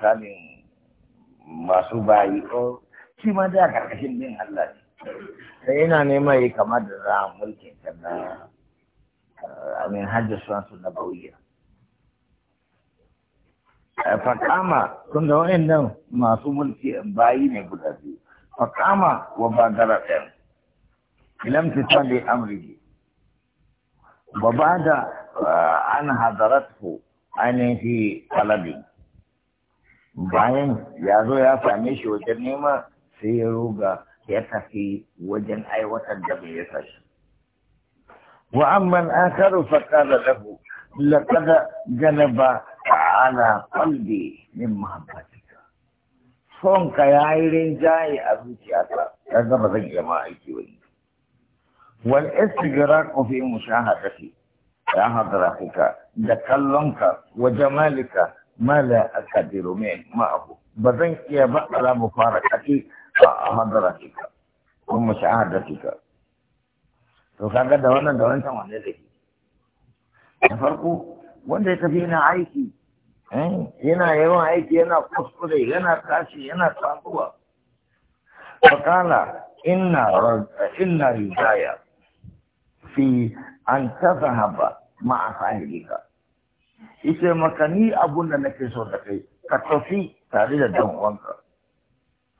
tsakanin masu bayi ko shi ma da karkashin bin Allah ne sai yana neman yi kama da za a mulkin ta na eh, amin hajji su na bauya eh, fakama kun da nan masu mulki bayi ne guda biyu fakama wa gara ɗan ilam tisali ba da أن حضرته أنا في طلبي bayan ya zo ya same shi wajen nema sai ya roga ya tafi wajen aiwatar da mai yasa shi wa amman akaru faqala lahu laqad a ala qalbi min mahabbatika son ka yayi rinjaye a zuciyata kaga ba zan iya ma aiki wani wal istigraq fi mushahadati ya hadratika da kallonka wa jamalika ma la aqdiru min ma'ahu ba zan iya ba ala mufarakati a hadratika ko mushahadatika to kaga da wannan da wancan wanne zai da farko wanda ya tafi yana aiki eh, yana yawan aiki yana kuskure yana tashi yana tsakuwa fakala inna inna rijaya fi an tazahaba ma'a sahibika yace maka ni abun da nake so da kai ka tafi tare da dan uwanka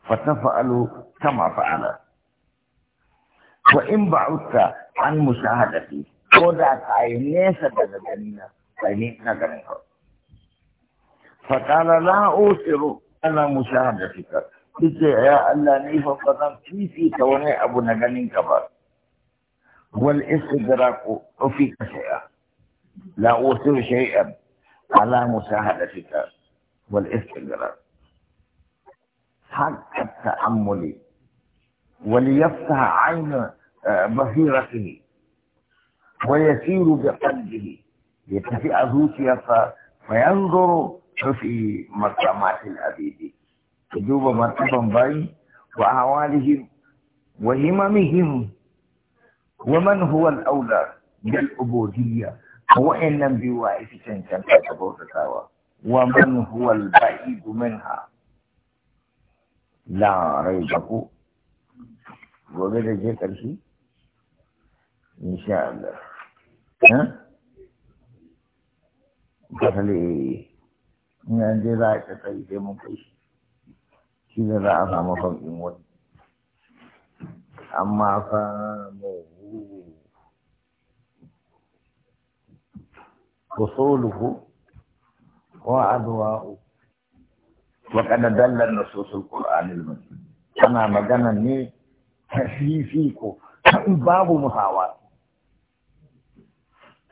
fa tafa'alu kama fa'ala wa in ba'utta an musahadati ko da ka yi nesa daga ganina kai ne na ganin ka fa qala la usiru ana musahadati ka yace ya Allah ni fa fadan fifi ta wani abu na ganin ka ba wal istidraku fi shay'a la usiru shay'an على مشاهدتك والاستقرار حق التأمل وليفتح عين آه، بصيرته ويسير بقلبه يتفئ ذوتيا فينظر في مقامات الأبيد تجوب مرتبا بين وأعوالهم وهممهم ومن هو الأولى بالعبودية wa'annan biyu wa ita cancanta ta bautatawa wa man huwa al-ba'id minha la raiba ko gobe da je karshe insha Allah ha kasale ina je za ka tsaye sai mun kai shi ne za a samu sauƙin wani amma fa mai فصوله وأدواء وقد دل النصوص القرآن المجيد أنا مجانا ني في فيكو باب مساواة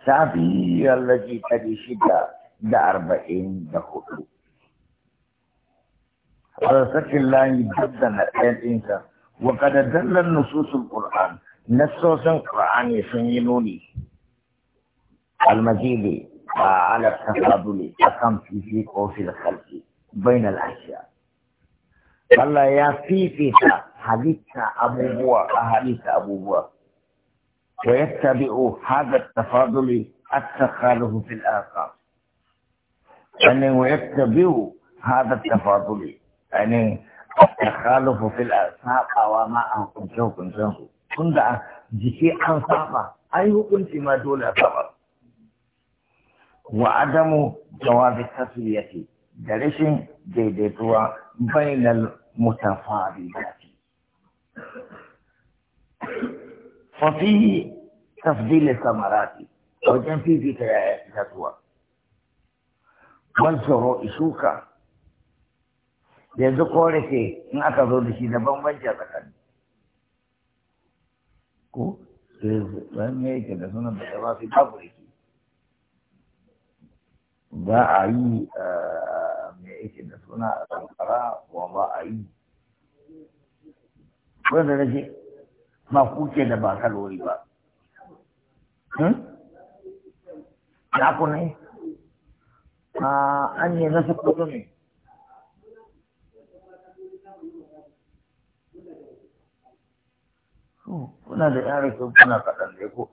سابي الذي تجد دا أربعين دا خطو رسك الله نتين إنسا وقد دل النصوص القرآن نصوص القرآن يسنينوني المجيد على التفاضل أقام فيه أو في الخلق بين الأشياء قال يا في فيها حديث أبو بوا أحاديث أبو بوا ويتبع هذا التفاضل التخالف في الآخر يعني ويتبع هذا التفاضل يعني التخالف في الأساق وما أنكم شوكم شوكم كنت جيكي أنصافة أي أيوة كنت ما دول أصابك wa adamu jawabi taswiyati da rashin daidaituwa bainal mutafaridati fa fi tafdil samarati wajen fifita ya itatuwa yanzu kore ce in aka zo da shi da bambanci a tsakani ko me yake da sunan da ba su babu za a yi eh, mai yake da suna a kankara wa ba a yi wanda na ce ba kuke da ba kalori hmm? ba ya ku ne ah, an yi na sukutu ne kuna da yare kuna kaɗan da ya ko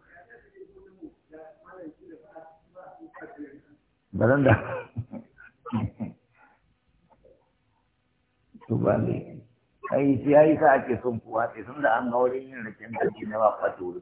ba zan da to ba ne ai sa ake son kuwa sai sun da an ga wurin yin rikin da ke na ba fata